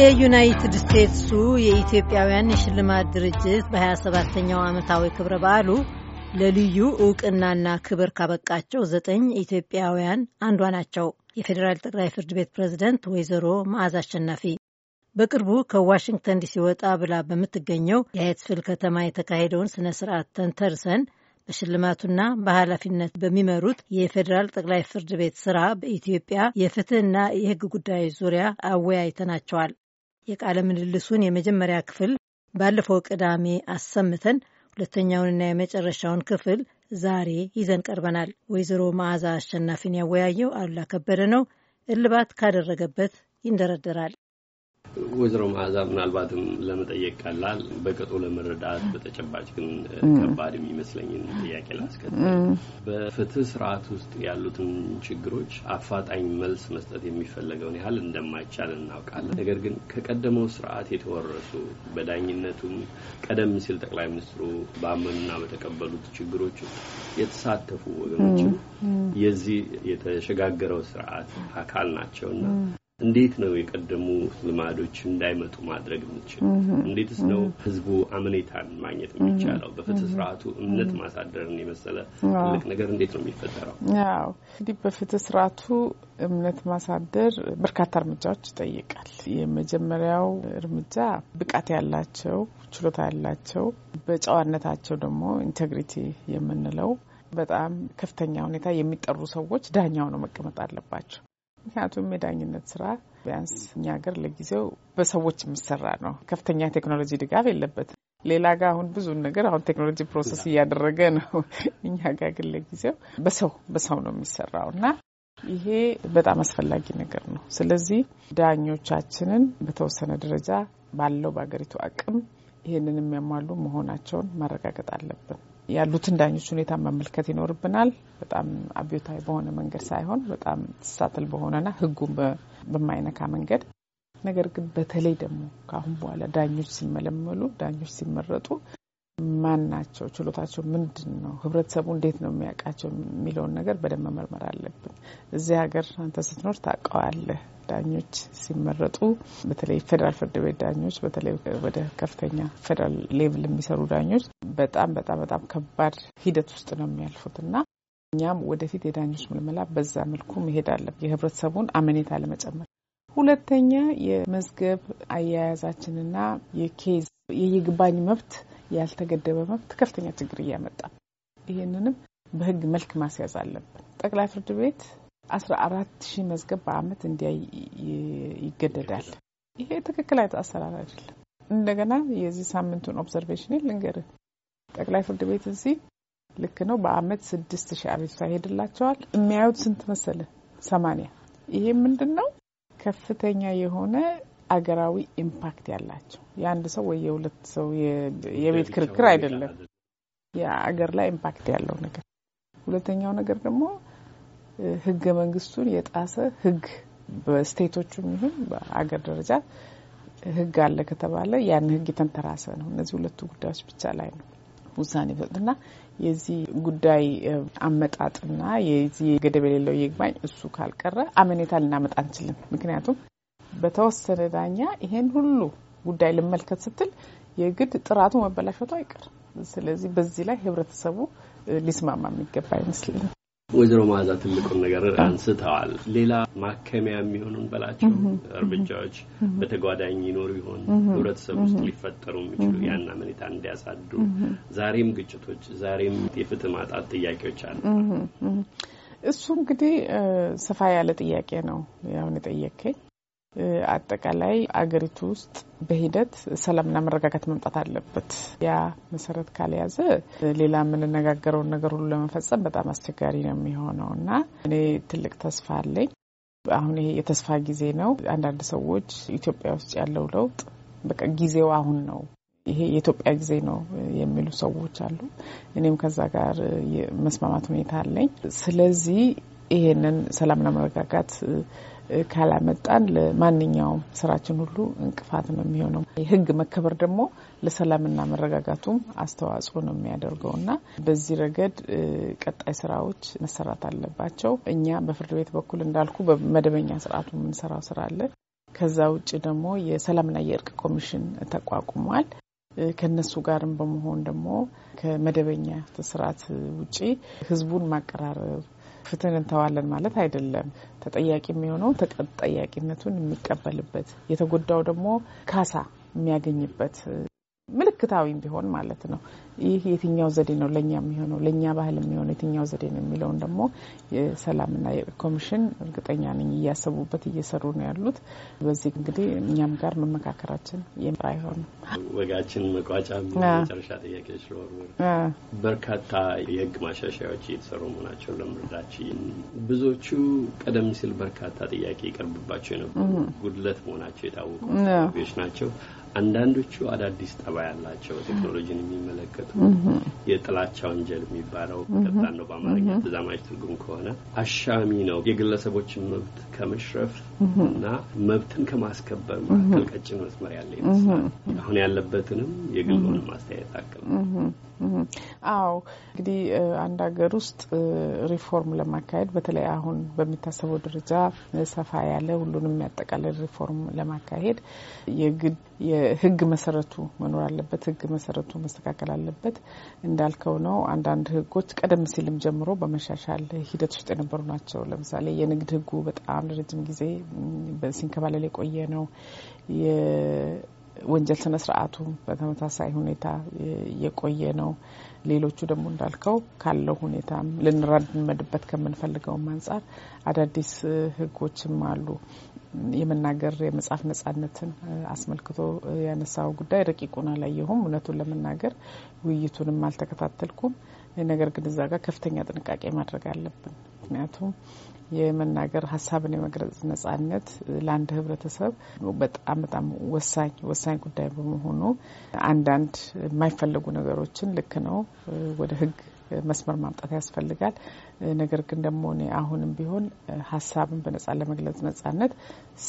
የዩናይትድ ስቴትሱ የኢትዮጵያውያን የሽልማት ድርጅት በ 27 ተኛው ዓመታዊ ክብረ በዓሉ ለልዩ እውቅናና ክብር ካበቃቸው ዘጠኝ ኢትዮጵያውያን አንዷ ናቸው። የፌዴራል ጠቅላይ ፍርድ ቤት ፕሬዝደንት ወይዘሮ መዓዛ አሸናፊ በቅርቡ ከዋሽንግተን ዲሲ ወጣ ብላ በምትገኘው የአየትስፍል ከተማ የተካሄደውን ስነ ስርዓት ተንተርሰን በሽልማቱና በኃላፊነት በሚመሩት የፌዴራል ጠቅላይ ፍርድ ቤት ስራ በኢትዮጵያ የፍትህና የህግ ጉዳዮች ዙሪያ አወያይተናቸዋል። የቃለ ምልልሱን የመጀመሪያ ክፍል ባለፈው ቅዳሜ አሰምተን ሁለተኛውንና የመጨረሻውን ክፍል ዛሬ ይዘን ቀርበናል። ወይዘሮ መዓዛ አሸናፊን ያወያየው አሉላ ከበደ ነው። እልባት ካደረገበት ይንደረደራል። ወይዘሮ መዓዛ ምናልባትም ለመጠየቅ ቀላል በቅጡ ለመረዳት በተጨባጭ ግን ከባድ የሚመስለኝን ጥያቄ ላስከትል። በፍትህ ስርዓት ውስጥ ያሉትን ችግሮች አፋጣኝ መልስ መስጠት የሚፈለገውን ያህል እንደማይቻል እናውቃለን። ነገር ግን ከቀደመው ስርዓት የተወረሱ በዳኝነቱም ቀደም ሲል ጠቅላይ ሚኒስትሩ ባመኑና በተቀበሉት ችግሮች የተሳተፉ ወገኖችም የዚህ የተሸጋገረው ስርዓት አካል ናቸውና እንዴት ነው የቀደሙ ልማዶች እንዳይመጡ ማድረግ የምንችል? እንዴትስ ነው ህዝቡ አመኔታን ማግኘት የሚቻለው? በፍትህ ስርዓቱ እምነት ማሳደርን የመሰለ ትልቅ ነገር እንዴት ነው የሚፈጠረው? ያው እንግዲህ በፍትህ ስርዓቱ እምነት ማሳደር በርካታ እርምጃዎች ይጠይቃል። የመጀመሪያው እርምጃ ብቃት ያላቸው ችሎታ ያላቸው በጨዋነታቸው ደግሞ ኢንቴግሪቲ የምንለው በጣም ከፍተኛ ሁኔታ የሚጠሩ ሰዎች ዳኛው ነው መቀመጥ አለባቸው። ምክንያቱም የዳኝነት ስራ ቢያንስ እኛ ሀገር ለጊዜው በሰዎች የሚሰራ ነው። ከፍተኛ ቴክኖሎጂ ድጋፍ የለበትም። ሌላ ጋር አሁን ብዙን ነገር አሁን ቴክኖሎጂ ፕሮሰስ እያደረገ ነው። እኛ ጋር ግን ለጊዜው በሰው በሰው ነው የሚሰራው እና ይሄ በጣም አስፈላጊ ነገር ነው። ስለዚህ ዳኞቻችንን በተወሰነ ደረጃ ባለው በሀገሪቱ አቅም ይህንን የሚያሟሉ መሆናቸውን ማረጋገጥ አለብን። ያሉትን ዳኞች ሁኔታ መመልከት ይኖርብናል። በጣም አብዮታዊ በሆነ መንገድ ሳይሆን በጣም ተሳትል በሆነና ህጉን በማይነካ መንገድ ነገር ግን በተለይ ደግሞ ከአሁን በኋላ ዳኞች ሲመለመሉ፣ ዳኞች ሲመረጡ ማን ናቸው፣ ችሎታቸው ምንድን ነው፣ ህብረተሰቡ እንዴት ነው የሚያውቃቸው የሚለውን ነገር በደንብ መመርመር አለብን። እዚህ ሀገር አንተ ስትኖር ታውቀዋለህ። ዳኞች ሲመረጡ በተለይ ፌዴራል ፍርድ ቤት ዳኞች በተለይ ወደ ከፍተኛ ፌዴራል ሌቭል የሚሰሩ ዳኞች በጣም በጣም በጣም ከባድ ሂደት ውስጥ ነው የሚያልፉት እና እኛም ወደፊት የዳኞች ምልመላ በዛ መልኩ መሄድ አለ የህብረተሰቡን አመኔታ ለመጨመር ሁለተኛ የመዝገብ አያያዛችንና የኬዝ የይግባኝ መብት ያልተገደበ መብት ከፍተኛ ችግር እያመጣ ይህንንም በህግ መልክ ማስያዝ አለብን። ጠቅላይ ፍርድ ቤት አስራ አራት ሺህ መዝገብ በአመት እንዲያይ ይገደዳል። ይሄ ትክክል አሰራር አይደለም። እንደገና የዚህ ሳምንቱን ኦብዘርቬሽን ልንገርህ። ጠቅላይ ፍርድ ቤት እዚህ ልክ ነው። በአመት ስድስት ሺህ አቤቱታ ይሄድላቸዋል። የሚያዩት ስንት መሰለ? ሰማንያ ይሄ ምንድን ነው? ከፍተኛ የሆነ አገራዊ ኢምፓክት ያላቸው የአንድ ሰው ወይ የሁለት ሰው የቤት ክርክር አይደለም፣ የአገር ላይ ኢምፓክት ያለው ነገር። ሁለተኛው ነገር ደግሞ ህገ መንግስቱን የጣሰ ህግ በስቴቶቹም ይሁን በአገር ደረጃ ህግ አለ ከተባለ ያን ህግ የተንተራሰ ነው። እነዚህ ሁለቱ ጉዳዮች ብቻ ላይ ነው ውሳኔ ሰጥና የዚህ ጉዳይ አመጣጥና የዚህ ገደብ የሌለው ይግባኝ እሱ ካልቀረ አመኔታ ልናመጣ አንችልም። ምክንያቱም በተወሰነ ዳኛ ይሄን ሁሉ ጉዳይ ልመልከት ስትል የግድ ጥራቱ መበላሸቱ አይቀርም። ስለዚህ በዚህ ላይ ህብረተሰቡ ሊስማማ የሚገባ አይመስልኝም። ወይዘሮ መዓዛ ትልቁን ነገር አንስተዋል። ሌላ ማከሚያ የሚሆኑን በላቸው እርምጃዎች በተጓዳኝ ይኖሩ ይሆን? ህብረተሰብ ውስጥ ሊፈጠሩ የሚችሉ ያና መኔታ እንዲያሳዱ ዛሬም ግጭቶች፣ ዛሬም የፍትህ ማጣት ጥያቄዎች አሉ። እሱ እንግዲህ ሰፋ ያለ ጥያቄ ነው ያሁን የጠየከኝ አጠቃላይ አገሪቱ ውስጥ በሂደት ሰላምና መረጋጋት መምጣት አለበት። ያ መሰረት ካልያዘ ሌላ የምንነጋገረውን ነገር ሁሉ ለመፈጸም በጣም አስቸጋሪ ነው የሚሆነው እና እኔ ትልቅ ተስፋ አለኝ። አሁን ይሄ የተስፋ ጊዜ ነው። አንዳንድ ሰዎች ኢትዮጵያ ውስጥ ያለው ለውጥ በቃ ጊዜው አሁን ነው፣ ይሄ የኢትዮጵያ ጊዜ ነው የሚሉ ሰዎች አሉ። እኔም ከዛ ጋር መስማማት ሁኔታ አለኝ። ስለዚህ ይሄንን ሰላምና መረጋጋት ካላመጣን ለማንኛውም ስራችን ሁሉ እንቅፋት ነው የሚሆነው። የህግ መከበር ደግሞ ለሰላምና መረጋጋቱም አስተዋጽኦ ነው የሚያደርገው እና በዚህ ረገድ ቀጣይ ስራዎች መሰራት አለባቸው። እኛ በፍርድ ቤት በኩል እንዳልኩ በመደበኛ ስርዓቱ የምንሰራው ስራ አለ። ከዛ ውጭ ደግሞ የሰላምና የእርቅ ኮሚሽን ተቋቁሟል። ከነሱ ጋርም በመሆን ደግሞ ከመደበኛ ስርዓት ውጪ ህዝቡን ማቀራረብ ፍትህን እንተዋለን ማለት አይደለም። ተጠያቂ የሚሆነው ተጠያቂነቱን የሚቀበልበት የተጎዳው ደግሞ ካሳ የሚያገኝበት ምልክታዊም ቢሆን ማለት ነው። ይህ የትኛው ዘዴ ነው ለእኛ የሚሆነው ለእኛ ባህል የሚሆነው የትኛው ዘዴ ነው የሚለውን ደግሞ የሰላምና ኮሚሽን እርግጠኛ ነኝ እያሰቡበት እየሰሩ ነው ያሉት። በዚህ እንግዲህ እኛም ጋር መመካከራችን አይሆንም። ወጋችን መቋጫ መጨረሻ ጥያቄ ለወርወር በርካታ የህግ ማሻሻያዎች እየተሰሩ መሆናቸውን ለምርዳች ብዙዎቹ ቀደም ሲል በርካታ ጥያቄ ይቀርብባቸው የነበሩ ጉድለት መሆናቸው የታወቁ ናቸው። አንዳንዶቹ አዳዲስ ጠባይ ያላቸው ቴክኖሎጂን የሚመለከቱ የጥላቻ ወንጀል የሚባለው ቀጣን ነው በአማርኛ ተዛማጅ ትርጉም ከሆነ አሻሚ ነው። የግለሰቦችን መብት ከመሽረፍ እና መብትን ከማስከበር መካከል ቀጭን መስመር ያለ ይመስላል። አሁን ያለበትንም የግሉንም ማስተያየት አቅም አዎ እንግዲህ አንድ ሀገር ውስጥ ሪፎርም ለማካሄድ በተለይ አሁን በሚታሰበው ደረጃ ሰፋ ያለ ሁሉንም የሚያጠቃልል ሪፎርም ለማካሄድ የግድ የህግ መሰረቱ መኖር አለበት። ህግ መሰረቱ መስተካከል አለበት። እንዳልከው ነው። አንዳንድ ህጎች ቀደም ሲልም ጀምሮ በመሻሻል ሂደት ውስጥ የነበሩ ናቸው። ለምሳሌ የንግድ ህጉ በጣም ለረጅም ጊዜ ሲንከባለል የቆየ ነው። ወንጀል ስነ ስርዓቱ በተመሳሳይ ሁኔታ የቆየ ነው። ሌሎቹ ደግሞ እንዳልከው ካለው ሁኔታ ልንራመድበት ከምንፈልገውም አንጻር አዳዲስ ህጎችም አሉ። የመናገር የመጻፍ ነጻነትን አስመልክቶ ያነሳው ጉዳይ ረቂቁን አላየሁም። እውነቱን ለመናገር ውይይቱንም አልተከታተልኩም። ነገር ግን እዛ ጋር ከፍተኛ ጥንቃቄ ማድረግ አለብን። ምክንያቱም የመናገር ሀሳብን የመግለጽ ነጻነት ለአንድ ህብረተሰብ በጣም በጣም ወሳኝ ወሳኝ ጉዳይ በመሆኑ አንዳንድ የማይፈለጉ ነገሮችን ልክ ነው ወደ ህግ መስመር ማምጣት ያስፈልጋል። ነገር ግን ደግሞ እኔ አሁንም ቢሆን ሀሳብን በነጻ ለመግለጽ ነጻነት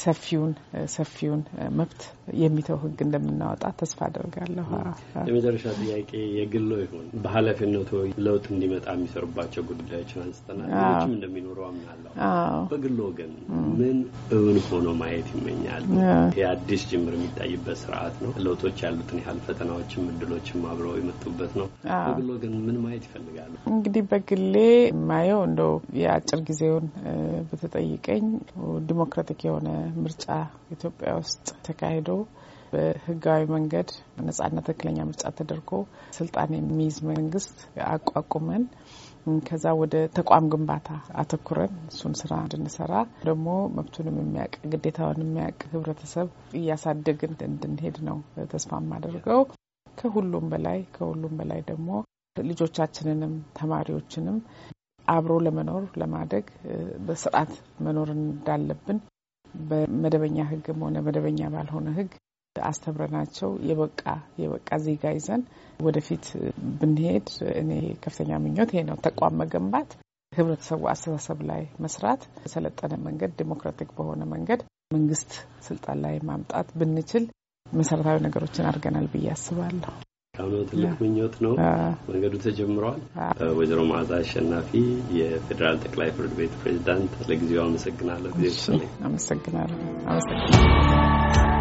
ሰፊውን ሰፊውን መብት የሚተው ህግ እንደምናወጣ ተስፋ አደርጋለሁ። የመጨረሻ ጥያቄ የግሎ ይሆን በኃላፊነቱ ለውጥ እንዲመጣ የሚሰሩባቸው ጉዳዮችን አንስተናል። ሌሎችም እንደሚኖረው አምናለሁ። በግሎ ግን ምን እውን ሆኖ ማየት ይመኛል? የአዲስ ጅምር የሚታይበት ስርዓት ነው። ለውጦች ያሉትን ያህል ፈተናዎችም እድሎችም አብረው የመጡበት ነው። በግሎ ግን ምን ማየት ይፈልጋሉ? እንግዲህ በግሌ የማየው እንደው የአጭር ጊዜውን በተጠይቀኝ ዲሞክራቲክ የሆነ ምርጫ ኢትዮጵያ ውስጥ ተካሂዶ በህጋዊ መንገድ ነጻና ትክክለኛ ምርጫ ተደርጎ ስልጣን የሚይዝ መንግስት አቋቁመን ከዛ ወደ ተቋም ግንባታ አተኩረን እሱን ስራ እንድንሰራ ደግሞ መብቱንም የሚያውቅ ግዴታውን የሚያውቅ ህብረተሰብ እያሳደግን እንድንሄድ ነው ተስፋ የማደርገው። ከሁሉም በላይ ከሁሉም በላይ ደግሞ ልጆቻችንንም ተማሪዎችንም አብሮ ለመኖር ለማደግ በስርዓት መኖር እንዳለብን በመደበኛ ህግም ሆነ መደበኛ ባልሆነ ህግ አስተምረናቸው የበቃ የበቃ ዜጋ ይዘን ወደፊት ብንሄድ እኔ ከፍተኛ ምኞት ይሄ ነው። ተቋም መገንባት፣ ህብረተሰቡ አስተሳሰብ ላይ መስራት፣ በሰለጠነ መንገድ ዴሞክራቲክ በሆነ መንገድ መንግስት ስልጣን ላይ ማምጣት ብንችል መሰረታዊ ነገሮችን አድርገናል ብዬ አስባለሁ። አሁኑ ትልቅ ምኞት ነው። መንገዱ ተጀምረዋል። ወይዘሮ መዓዛ አሸናፊ የፌዴራል ጠቅላይ ፍርድ ቤት ፕሬዚዳንት፣ ለጊዜው አመሰግናለሁ። ጊዜ አመሰግናለሁ። አመሰግናለሁ።